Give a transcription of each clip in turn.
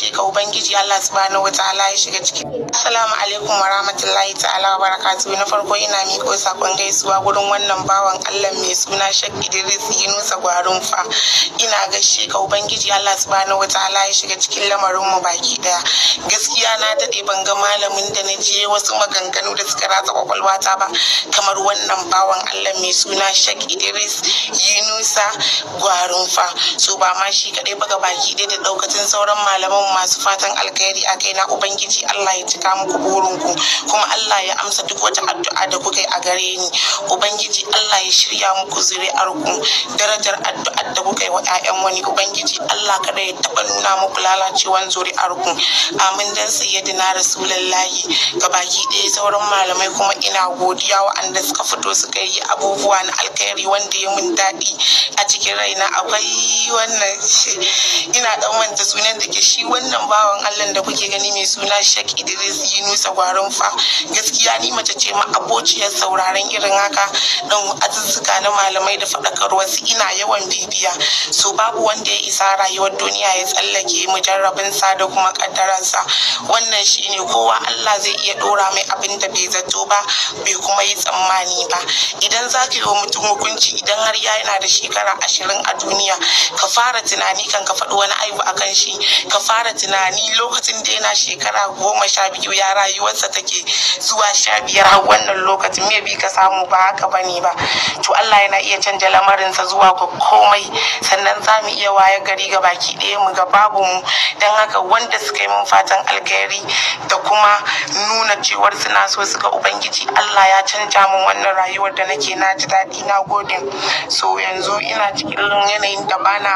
ce ka ubangiji Allah subhanahu ta'ala ya shiga ciki assalamu alaikum wa rahmatullahi ta'ala wa barakatuhu na farko ina miko sakon gaisuwa gurin wannan bawan Allah mai suna Sheikh Idris Yunusa Gwarunfa ina shi ka ubangiji Allah subhanahu ta'ala ya shiga cikin lamarin mu baki daya gaskiya na dade ban ga malamin da na je wasu maganganu da suka ratsa ta ba kamar wannan bawan Allah mai suna Sheikh Idris Yunusa Gwarunfa so ba ma shi kadai ba ga baki daya da daukacin sauran malaman masu fatan alkhairi a kaina ubangiji Allah ya cika muku burinku kuma Allah ya amsa duk wata addu'a da kuka yi a gare ni ubangiji Allah ya shirya muku zuri'arku darajar addu'ar da kuka yi wa 'ya'yan wani ubangiji Allah kada ya taba nuna muku lalacewan zuri'arku amin dan sayyidina rasulullahi baki ɗaya sauran malamai kuma ina godiya wa'anda suka fito suka yi abubuwa na alkhairi wanda ya mun daɗi a cikin raina akwai wannan ina dan wanda sunan da ke shi wannan bawan allah da kuke gani mai suna shek idris Yunus gwarin fa gaskiya ni mace ce ma abociyar sauraron irin haka dan azuzzuka na malamai da faɗakarwa su ina yawan bibiya so babu wanda ya isa rayuwar duniya ya tsallake sa da kuma kaddararsa wannan shine kowa allah zai iya dora mai abin da bai zato ba bai kuma yi tsammani ba idan za ka yi wa mutum hukunci idan har ya yana da shekara ashirin a duniya ka fara tunani kan ka faɗi wani aibu akan shi ka fara fara tunani lokacin da yana shekara goma sha biyu ya rayuwarsa take zuwa sha biyar har wannan lokacin me bi ka samu ba haka ba ne ba to Allah yana iya canja lamarinsa zuwa ga komai sannan za mu iya waye gari ga baki ɗaya mu ga babu mu don haka wanda suka yi min fatan alkhairi da kuma nuna cewar suna so suka ubangiji Allah ya canja min wannan rayuwar da nake na ji daɗi na gode so yanzu ina cikin yanayin da bana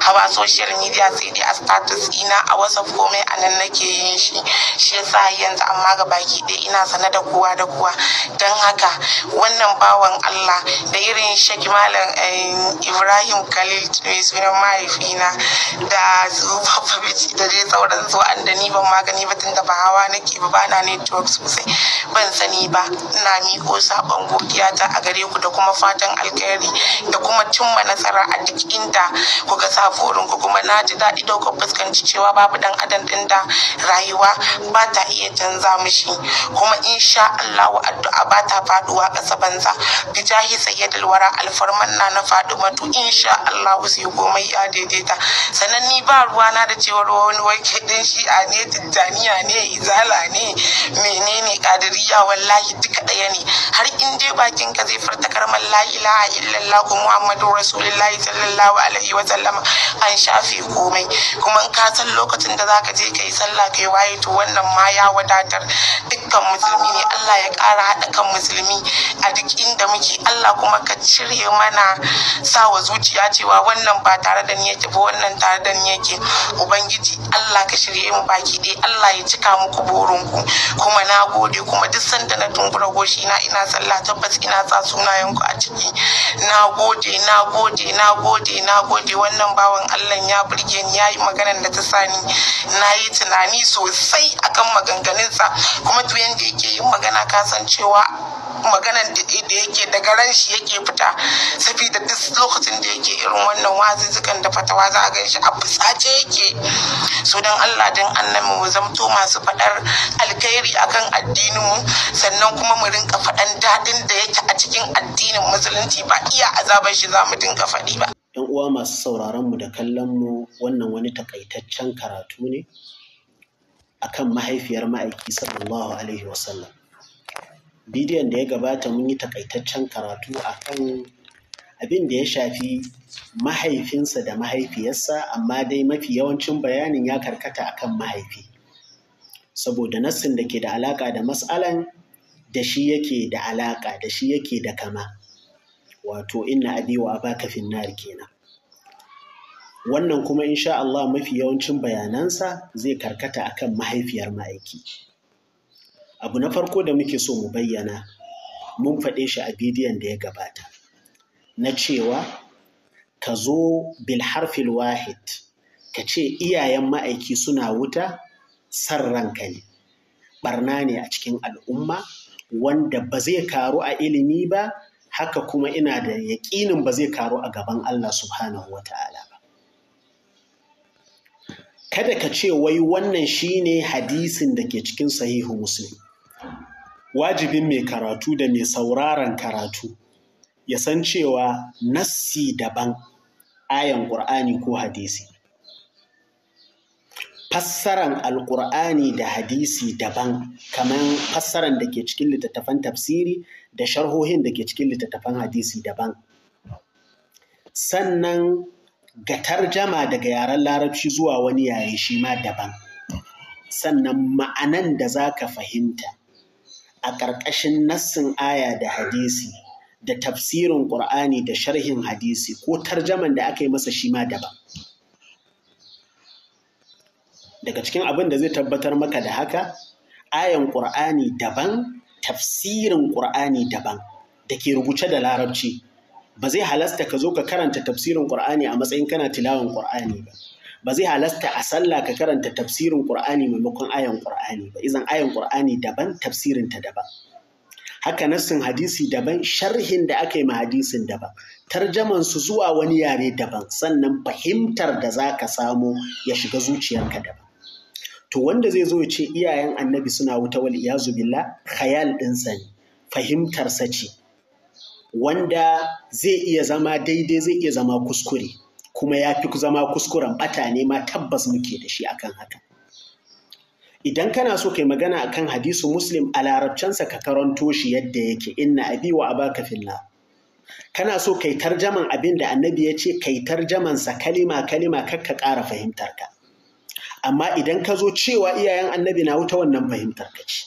hawa social media sai dai a status ina a wasu komai a nan nake yin shi shi yasa yanzu amma ga baki ɗaya ina sane da kowa da kowa don haka wannan bawan allah da irin shaki malam ibrahim khalil mai sunan mahaifina da su bababici da dai sauran su an da ni ban magani ba tunda ba hawa nake ba bana network sosai ban sani ba ina miko sabon godiya ta a gare ku da kuma fatan alkhairi da kuma cimma nasara a duk inda ku ga safurin ku kuma na ji daɗi ɗaukar fuskanci cewa ba babu dan adam din da rayuwa ba ta iya canza mishi kuma insha Allah addu'a ba ta faduwa kasa banza bijahi sayyidul wara alfarman na na matu insha Allah sai komai ya daidaita sannan ni ba ruwa na da cewar wani wake din shi'a ne tijjaniya ne izala ne menene kadiriya wallahi duka ɗaya ne har in dai bakin ka zai furta karman la ilaha illallah muhammadu rasulullahi sallallahu alaihi wa sallama an shafe komai kuma in ka san lokacin lokacin da zaka je ka yi sallah kai waye to wannan ma ya wadatar dukkan musulmi ne Allah ya kara haɗa kan musulmi a duk inda muke Allah kuma ka cire mana sawa zuciya cewa wannan ba tare da ni yake ba wannan tare da ni yake ubangiji Allah ka shirye mu baki ɗaya Allah ya cika muku burinku. kuma na gode kuma duk sanda na tumbura goshi na ina sallah tabbas ina sa sunayenku a ciki na gode na gode na gode na gode wannan bawan Allah ya burge ni yayi maganar da ta sani na yi tunani sosai akan maganganunsa kuma duk yadda yake yin magana kasancewa maganan da yake daga ran shi yake fita da duk lokacin da yake irin wannan wazuzzukan da fatawa za a gan shi a fusace yake so don Allah don annabi mu zamto masu faɗar alkhairi akan addinin mu sannan kuma mu rinka faɗan daɗin da yake a cikin addinin musulunci ba iya azabar shi za mu dinga faɗi ba 'yan uwa masu sauraron mu da kallon mu wannan wani takaitaccen karatu ne akan mahaifiyar ma'aiki sallallahu alaihi wasallam bidiyon da ya gabata mun yi takaitaccen karatu akan abin da ya shafi mahaifinsa da mahaifiyarsa amma dai mafi yawancin bayanin ya karkata akan mahaifi saboda nassin da ke da alaƙa da matsalan da shi yake da alaƙa da shi yake da kama wato inna abi wa abaka finnar kenan wannan kuma insha Allah mafi yawancin bayanansa zai karkata akan mahaifiyar ma'aiki abu na farko da muke so mu bayyana mun faɗe shi a bidiyon da ya gabata na cewa ka zo bilharfil wahid ka ce iyayen ma'aiki suna wuta san ranka ne barna ne a cikin al'umma wanda ba zai karu a ilimi ba haka kuma ina da yaƙinin ba zai karu a gaban Allah subhanahu wa ta'ala ba. Kada ka ce wai wannan shi ne hadisin da ke cikin sahihu Muslim. Wajibin mai karatu da mai sauraron karatu ya san cewa nassi daban ayan ƙur'ani ko hadisi. fassaran alkur'ani da hadisi daban kamar fassaran da ke cikin littattafan tafsiri da sharhohin da ke cikin littattafan hadisi daban sannan ga tarjama daga yaren larabci zuwa wani yare shi ma daban sannan ma'anan da za ka fahimta a ƙarƙashin nassin aya da hadisi da tafsirin ƙur'ani da sharhin hadisi ko tarjaman da aka yi masa shi ma daban daga cikin abin da zai tabbatar maka da haka ayan ƙur'ani daban tafsirin ƙur'ani daban da ke rubuce da larabci ba zai halasta ka zo ka karanta tafsirin ƙur'ani a matsayin kana tilawan ƙur'ani ba ba zai halasta a sallah ka karanta tafsirin ƙur'ani maimakon ayan ƙur'ani ba izan ayan ƙur'ani daban tafsirin ta daban haka nassin hadisi daban sharhin da aka yi ma hadisin daban tarjaman su zuwa wani yare daban sannan fahimtar da za ka samu ya shiga zuciyarka daban to wanda zai zo ya ce iyayen annabi suna wuta wal iyazu billah khayal sa ne fahimtarsa ce wanda zai iya zama daidai zai iya zama kuskure kuma ya fi zama kuskuren bata ne ma tabbas muke da shi akan haka idan kana so kai magana akan hadisu muslim a larabcansa ka karanto shi yadda yake inna abi wa abaka fillah kana so kai tarjaman abin da annabi ya ce kai tarjaman sa kalima kalima kakka ƙara fahimtarka. amma idan ka zo cewa iyayen annabi na wuta wannan fahimtar ka ce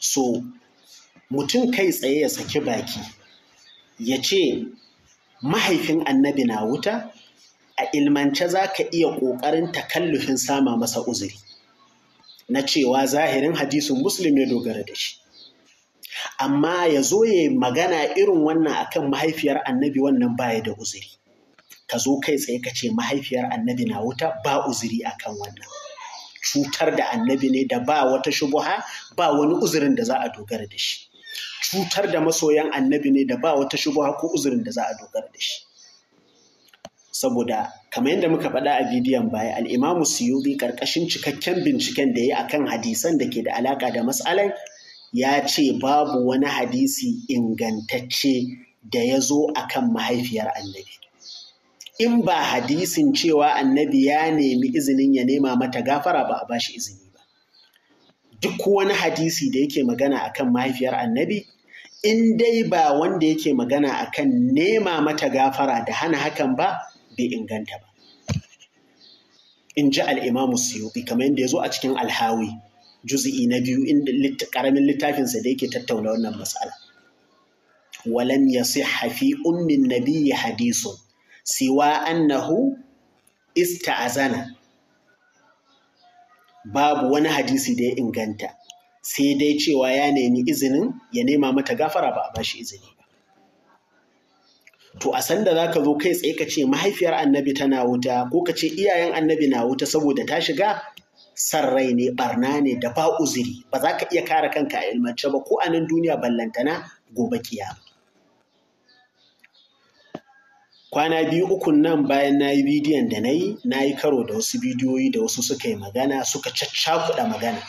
so mutum kai tsaye ya saki baki ya ce mahaifin annabi na wuta a ilmance za ka iya ƙoƙarin takallufin sama masa uzuri na cewa zahirin hadisin muslim ya dogara da shi amma ya zo ya magana irin wannan akan mahaifiyar annabi wannan baya da uzuri ka zo kai tsaye ka ce mahaifiyar annabi na wuta ba uzuri akan wannan cutar da annabi ne da ba wata shubuha ba wani uzurin da za a dogara da shi cutar da masoyan annabi ne da ba wata shubuha ko uzurin da za a dogara da shi saboda kamar yadda muka faɗa a bidiyon baya al'imamu suyubi karkashin cikakken binciken da ya yi akan hadisan da ke da alaka da matsalan ya ce babu wani hadisi ingantacce da ya zo akan mahaifiyar annabi in ba hadisin cewa annabi ya nemi izinin ya nema mata gafara ba a ba shi izini ba duk wani hadisi da yake magana akan mahaifiyar annabi in dai ba wanda yake magana akan nema mata gafara da hana hakan ba bai inganta ba in ji al'imamu siyo kamar yadda ya zo a cikin alhawi juzi'i na biyu inda karamin littafinsa da yake tattauna wannan matsala walam ya hafi ummin nabiyyi hadisun siwa annahu ista'azana babu wani hadisi da ya inganta sai dai cewa ya nemi izinin ya nema mata gafara ba a bashi izini ba to a sanda za ka zo kai tsaye ka ce mahaifiyar annabi tana wuta ko ka ce iyayen annabi na wuta saboda ta shiga san rai ne barna ne da ba uzuri ba za ka iya kare kanka a ilmance ba ko a nan duniya ballantana gobe kiyama kwana biyu ukun nan bayan na yi bidiyon da na yi na yi karo da wasu bidiyoyi da wasu suka yi magana suka caccakuɗa magana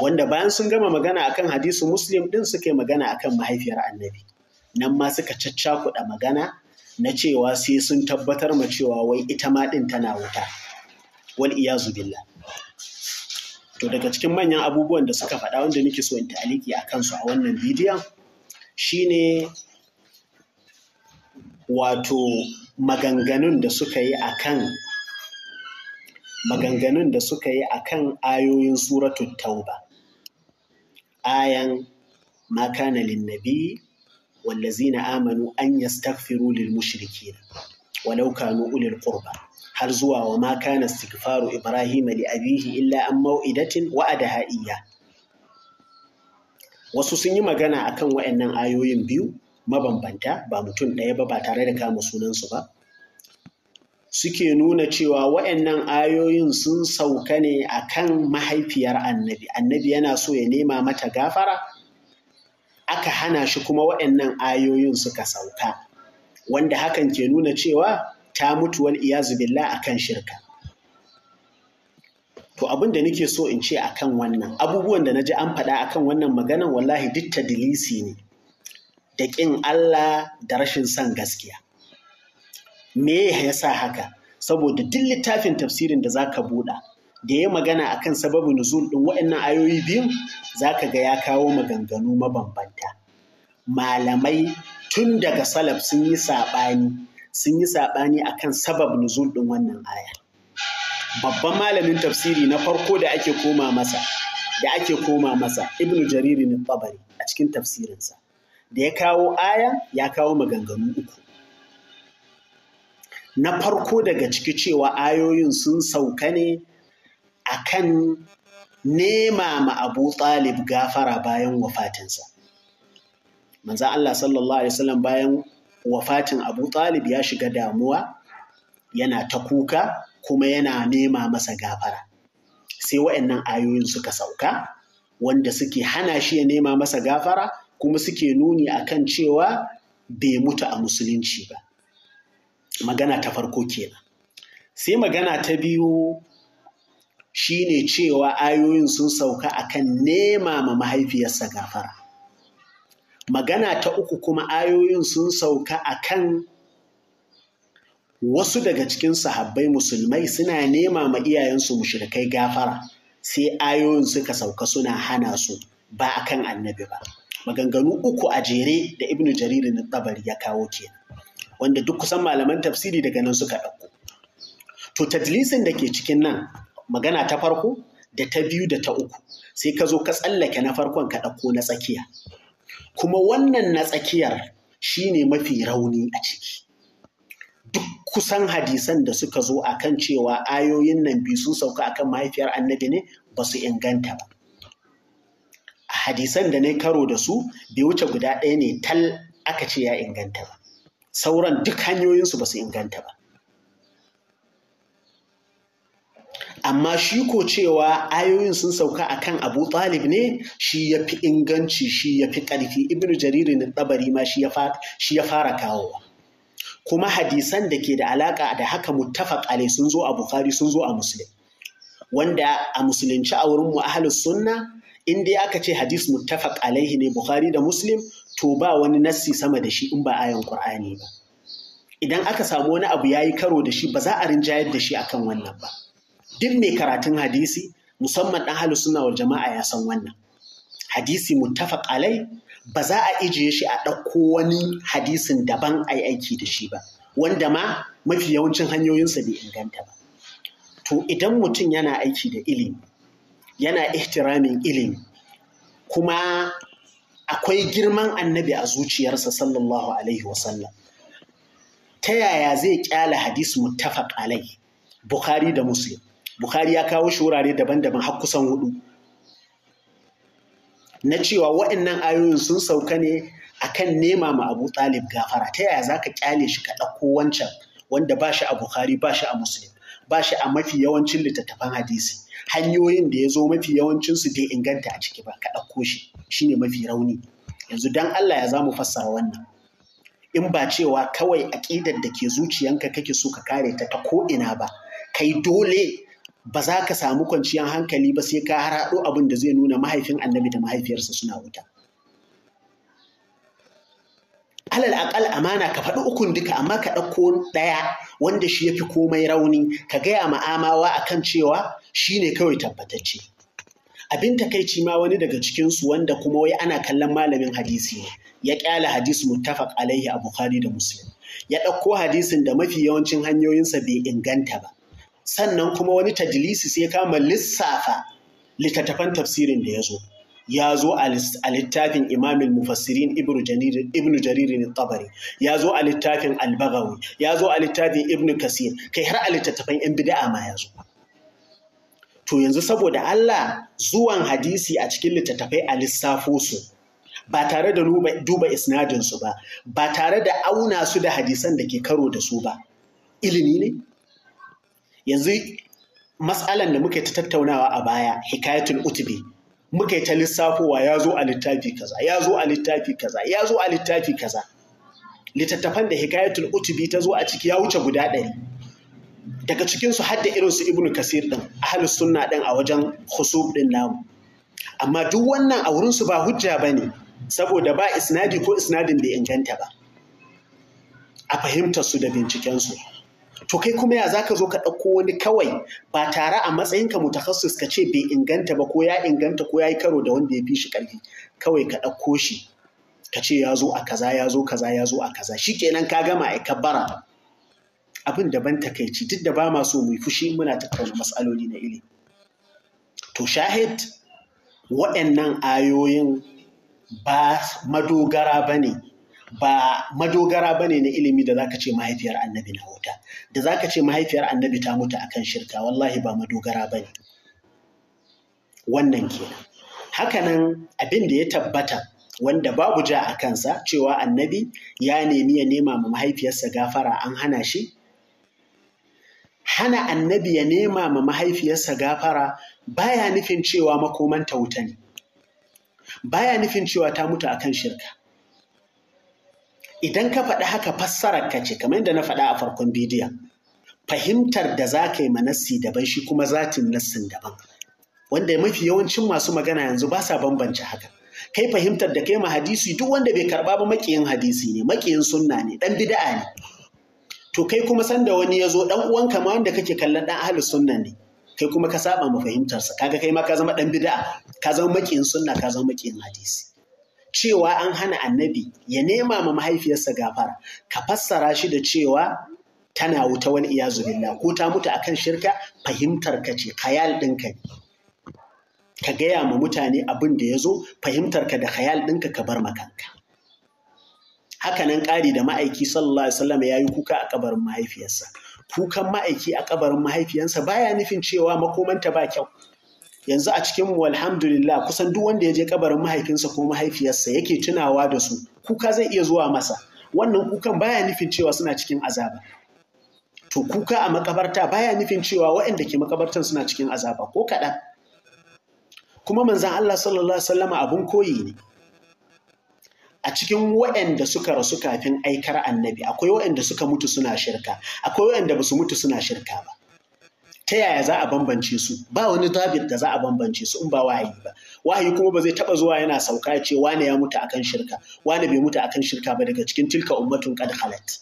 wanda bayan sun gama magana akan hadisu muslim ɗin suka yi magana akan mahaifiyar annabi nan ma suka caccakuɗa magana na cewa sai sun tabbatar ma cewa wai ita ma ɗin tana wuta wal iyazu billah to daga cikin manyan abubuwan da suka faɗa wanda nake so in taliki a kansu a wannan bidiyon shine wato maganganun da suka yi kan maganganun da suka yi akan ayoyin suratun tauba ayan ma kana linnabi wallazina amanu an yastaghfiru lil mushrikin walau kanu ulil qurba har zuwa wa ma kana istighfaru ibrahima li abihi illa an mau'idatin wa'adaha iyya wasu sun yi magana akan waɗannan ayoyin biyu mabambanta ba mutum ɗaya ba ba tare da kama sunansu ba suke nuna cewa waɗannan ayoyin sun sauka ne a kan mahaifiyar annabi annabi yana so ya nema mata gafara aka hana shi kuma waɗannan ayoyin suka sauka wanda hakan ke nuna cewa ta mutu wal iyazu a akan shirka to abin da nake so in ce akan wannan abubuwan da na ji an faɗa akan wannan maganan wallahi duk ta dilisi ne da ƙin Allah da rashin son gaskiya. Me ya sa haka? Saboda duk littafin tafsirin da za ka buɗa, da ya magana akan sababin nuzul ɗin waɗannan ayoyi biyun, za ka ga ya kawo maganganu mabambanta. Malamai tun daga salaf sun yi saɓani, sun yi saɓani akan sabab nuzul ɗin wannan aya. Babban malamin tafsiri na farko da ake koma masa, da ake koma masa Ibn Jaririn Tabari a cikin tafsirinsa. da ya kawo aya ya kawo maganganu uku na farko daga ciki cewa ayoyin sun sauka ne a kan nema ma abu talib gafara bayan wafatinsa manzan Allah sallallahu Alaihi wasallam bayan wafatin abu talib ya shiga damuwa yana ta kuka kuma yana nema masa gafara sai wa'annan ayoyin suka sauka wanda suke hana shi ya nema masa gafara kuma suke nuni akan cewa bai mutu a musulunci ba magana ta farko kenan sai magana ta biyu shine cewa ayoyin sun sauka akan nema ma mahaifiyarsa gafara magana ta uku kuma ayoyin sun sauka a kan wasu daga cikin sahabbai musulmai suna nema ma iyayensu mushirikai gafara sai ayoyin suka sauka suna hana su ba akan annabi ba maganganu uku a jere da ibnu jaririn tabari ya kawo ke wanda duk kusan malaman tafsiri daga nan suka ɗauko to tadlisin da ke cikin nan magana ta farko da ta biyu da ta uku sai ka zo ka tsallake na farkon ka ɗauko na tsakiya kuma wannan na tsakiyar shine mafi rauni a ciki duk kusan hadisan da suka zo akan cewa ayoyin nan biyu sun sauka akan mahaifiyar annabi ne ba su inganta ba hadisan da na karo da su bai wuce guda ɗaya ne tal aka ce ya inganta ba sauran duk hanyoyinsu ba su inganta ba amma shi ko cewa ayoyin sun sauka a kan abu talib ne shi ya fi inganci shi ya fi ƙarfi ibnu jaririn ɗabari ma shi ya fara kawowa kuma hadisan da ke da alaƙa da haka muttafaq alai sun zo a bukhari sun zo a muslim wanda a musulunci a wurin mu ahlus sunna in dai aka ce hadis muttafaq alaihi ne bukhari da muslim to ba wani nassi sama da shi in ba ayan qur'ani ba idan aka samu wani abu yayi karo da shi ba za a rinjayar da shi akan wannan ba duk mai karatun hadisi musamman dan halu sunna wal jama'a ya san wannan hadisi muttafaq alai ba za a ijiye shi a ɗauko wani hadisin daban a yi aiki da shi ba wanda ma mafi yawancin hanyoyinsa bai inganta ba to idan mutum yana aiki da ilimi yana ihtiramin ilimi kuma akwai girman annabi a zuciyarsa sallallahu alaihi wasallam ta yaya zai kyala hadis muttafaq alai bukhari da muslim bukhari ya kawo shi wurare daban-daban har kusan hudu na cewa waɗannan ayoyin sun sauka ne akan nema ma Abu Talib gafara ta yaya zaka kyale shi ka ɗauko wancan wanda ba shi a Bukhari ba shi a Muslim ba shi a mafi yawancin littattafan hadisi hanyoyin da ya zo mafi yawancinsu bai inganta a ciki ba ka ɗauko shi shine mafi rauni yanzu dan Allah ya za mu fassara wannan in ba cewa kawai aƙidar da ke zuciyanka kake so ka kare ta ta ina ba kai dole ba za ka samu kwanciyar hankali ba sai ka haraɗo abin da zai nuna mahaifin annabi da mahaifiyarsa suna wuta alal akal amana ka faɗi ukun duka amma ka ɗauko ɗaya wanda shi ya fi komai rauni ka gaya ma'amawa a kan cewa shi ne kawai tabbatacce abin takaici ma wani daga cikinsu wanda kuma wai ana kallon malamin hadisi ne ya ƙyala hadisi muttafaq alaihi a bukhari da muslim ya ɗauko hadisin da mafi yawancin hanyoyinsa bai inganta ba sannan kuma wani tajlisi sai kama lissafa littattafan tafsirin da ya zo ya zo a littafin imamil mufassirin ibn jaririn tabari ya zo a littafin albagawi ya zo a littafin ibn kasir kai har a littattafan yan bida'a ma ya zo to yanzu saboda Allah zuwan hadisi a cikin littattafai a lissafo su ba tare da duba isnadin su ba ba tare da auna su da hadisan da ke karo da su ba ilimi ne yanzu matsalan da muke ta tattaunawa a baya hikayatul utbi muka yi ta lissafowa ya zo a littafi kaza ya zo a littafi kaza ya zo a littafi kaza littattafan da hikayatul utubi ta zo a ciki ya wuce guda ɗari daga cikinsu hadda irin su ibnu kasir ɗin ahalus sunna ɗin a wajen husub ɗin namu amma duk wannan a wurinsu ba hujja ba ne saboda ba isnadi ko isnadin bai inganta ba a fahimtar su da bincikensu to kai kuma ya zaka zo ka ɗauko wani kawai ba tare a matsayinka mutakassus ka ce bai inganta ba ko ya inganta ko ya yi karo da wanda ya fi shi ƙarfi kawai ka ɗauko shi ka ce ya zo a kaza ya zo kaza ya zo a kaza shi kenan ka gama a bara. abin da ban takaici duk da ba ma so mu fushi muna tattauna matsaloli na ili. to shahid waɗannan ayoyin ba madogara ba ne ba madogara bane na ilimi da zaka ce mahaifiyar annabi na wuta da zaka ce mahaifiyar annabi ta mutu akan shirka wallahi ba madogara bane wannan kenan hakanan abin da ya tabbata wanda babu ja a kansa cewa annabi ya nemi ya nema ma mahaifiyarsa gafara an hana shi hana annabi ya nema ma mahaifiyarsa gafara baya nufin cewa makomanta wuta ne baya nufin cewa ta mutu akan shirka idan ka faɗi haka fassarar ka ce kamar yadda na faɗa a farkon bidiyon fahimtar da za ka yi manassi daban shi kuma zatin nassin daban wanda mafi yawancin masu magana yanzu ba sa bambance haka kai fahimtar da kai ma hadisi duk wanda bai karba ba makiyin hadisi ne makiyin sunna ne dan bid'a ne to kai kuma san da wani ya zo dan uwanka ma wanda kake kallon ɗan ahalin sunna ne kai kuma ka saba ma fahimtarsa kaga kai ma ka zama dan bid'a ka zama makiyin sunna ka zama makiyin hadisi cewa an hana annabi ya nema ma mahaifiyarsa gafara ka fassara shi da cewa tana wuta wani iya zubilla ko ta mutu akan shirka fahimtar ka ce khayal ɗinka ne ka gaya ma mutane abin da ya zo fahimtar ka da khayal ɗinka ka bar makanka nan, ƙari da ma'aiki sallallahu alaihi wasallam ya yi kuka a kabarin mahaifiyarsa kukan ma'aiki a kabarin mahaifiyarsa baya nufin cewa makomanta ba kyau yanzu a cikin mu alhamdulillah kusan duk wanda ya je kabarin mahaifinsa ko mahaifiyarsa yake tunawa da su kuka zai iya zuwa masa wannan kukan baya nufin cewa suna cikin azaba to kuka a makabarta baya nufin cewa waɗanda ke makabartan suna cikin azaba ko kaɗan kuma manzan Allah sallallahu alaihi wasallama abun koyi ne a cikin waɗanda suka rasu kafin aikar annabi akwai waɗanda suka mutu suna shirka akwai waɗanda basu mutu suna shirka ba ta yaya za a bambance su ba wani zabit da za a bambance su in ba wahayi ba wahayi kuma ba zai taba zuwa yana sauka ce wane ya mutu akan shirka wane bai mutu akan shirka ba daga cikin tilka ummatun qad khalat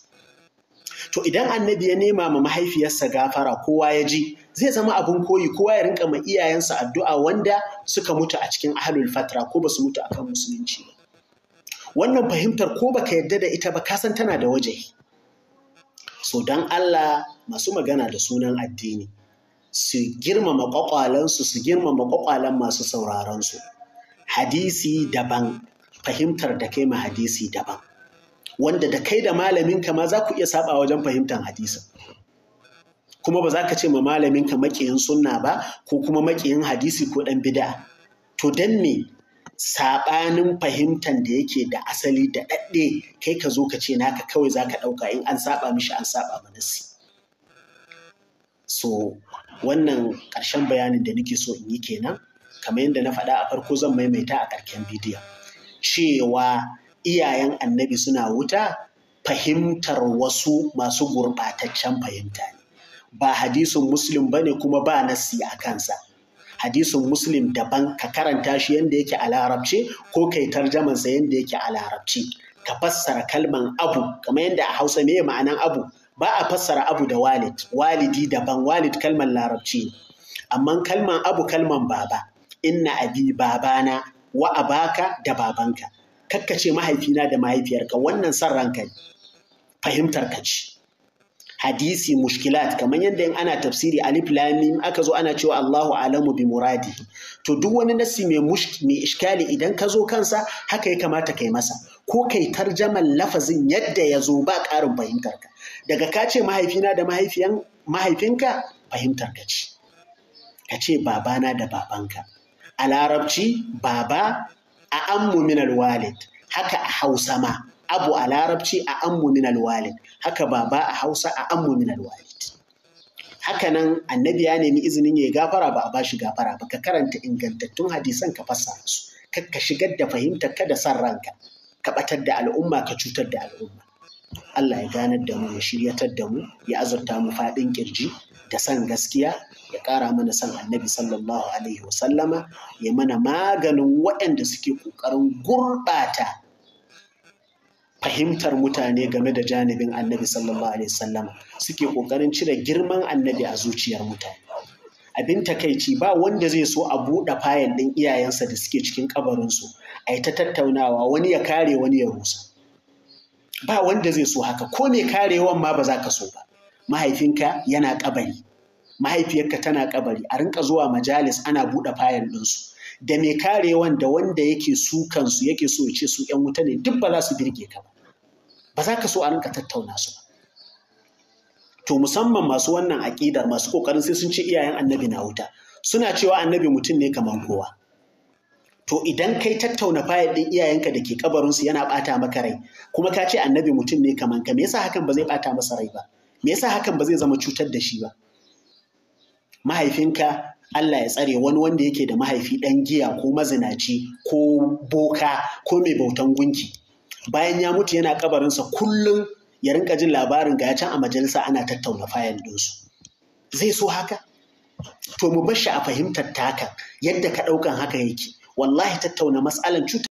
to idan annabi ya nema ma mahaifiyarsa gafara kowa ya ji zai zama abun koyi kowa ya rinka ma iyayensa addu'a wanda suka mutu a cikin ahlul fatra ko ba su mutu akan musulunci ba wannan fahimtar ko baka yadda da ita ba ka san tana da wajahi so dan Allah masu magana da sunan addini su girmama kwakwalansu su girmama kwakwalan masu sauraronsu hadisi daban fahimtar da kai ma hadisi daban wanda da kai da malamin ka ma za ku iya saba wajen fahimtar hadisin kuma ba za ka ce ma malamin ka makiyin sunna ba ko kuma makiyin hadisi ko dan bid'a to dan me saɓanin fahimtar da yake da asali da ɗaɗɗe kai ka zo ka ce naka kawai za ka ɗauka, in an saɓa mishi an saba manasi so wannan ƙarshen bayanin da nake so in yi kenan kamar yadda na faɗa a farko zan maimaita a ƙarshen bidiyon cewa iyayen annabi suna wuta fahimtar wasu masu gurɓataccen fahimta ne ba hadisin muslim ba ne kuma ba nasi a kansa hadisin muslim daban ka karanta shi yadda yake a larabci ko kai tarjamansa yadda yake a larabci ka fassara kalman abu kamar yadda a hausa me ma'anan abu ba a fassara abu da walid walidi daban walid kalmar larabci ne, amma kalman abu kalman baba inna abi babana wa abaka da babanka kakkace mahaifina da mahaifiyarka wannan san ranka fahimtar ka ce hadisi mushkilat kamar yadda in ana tafsiri alif lamim aka zo ana cewa Allahu alamu bi muradi to duk wani nasi mai mai iskali idan ka zo kansa haka ya kamata kai masa ko kai tarjaman lafazin yadda ya zo ba ƙarin fahimtar ka daga ka ce mahaifina da mahaifiyan mahaifinka fahimtar ka ce ka ce babana da babanka a larabci baba a ammu minal walid haka a hausa ma abu a larabci a ammu min alwalid haka baba a hausa a ammu min alwalid haka nan annabi ya nemi izinin ya gafara ba a ba shi gafara ba ka karanta ingantattun hadisan ka fassara su ka shigar da fahimtar ka da san ranka ka batar da al'umma ka cutar da al'umma Allah ya ganar da mu ya shiryatar da mu ya azurta mu fadin kirji da san gaskiya ya ƙara mana san annabi sallallahu alaihi wasallama ya mana maganin waɗanda suke ƙoƙarin gurɓata fahimtar mutane game da janibin annabi sallallahu alaihi wasallama suke kokarin cire girman annabi a zuciyar mutane abin takaici ba wanda zai so a buɗe fayil ɗin iyayensa da suke cikin kabarinsu a yi ta tattaunawa wani ya kare wani ya rusa ba wanda zai so haka ko mai karewan ma ba za ka so ba mahaifinka yana kabari mahaifiyarka tana kabari a rinka zuwa majalis ana buɗe fayil ɗinsu da mai karewan da wanda yake su kansu yake so ce su ‘yan wuta ne duk ba za su birge ka ba ba za ka so a rinka tattauna su ba to musamman masu wannan aƙidar masu kokarin sai sun ce iyayen annabi na wuta suna cewa annabi mutum ne kamar kowa to idan kai tattauna fayil ɗin iyayenka da ke kabarinsu yana ɓata maka rai kuma ka ce annabi mutum ne kamar ka me yasa hakan ba zai ɓata masa rai ba me yasa hakan ba zai zama cutar da shi ba mahaifinka Allah ya tsare wani wanda yake da mahaifi ɗan giya ko mazinaci ko boka ko mai bautan gunki bayan ya mutu yana kabarinsa kullum ya rinka jin labarin ga can a majalisa ana tattauna fayan ɗinsu zai so haka to mu bar shi a fahimtar taka yadda ka ɗaukan haka yake wallahi tattauna matsalan cuta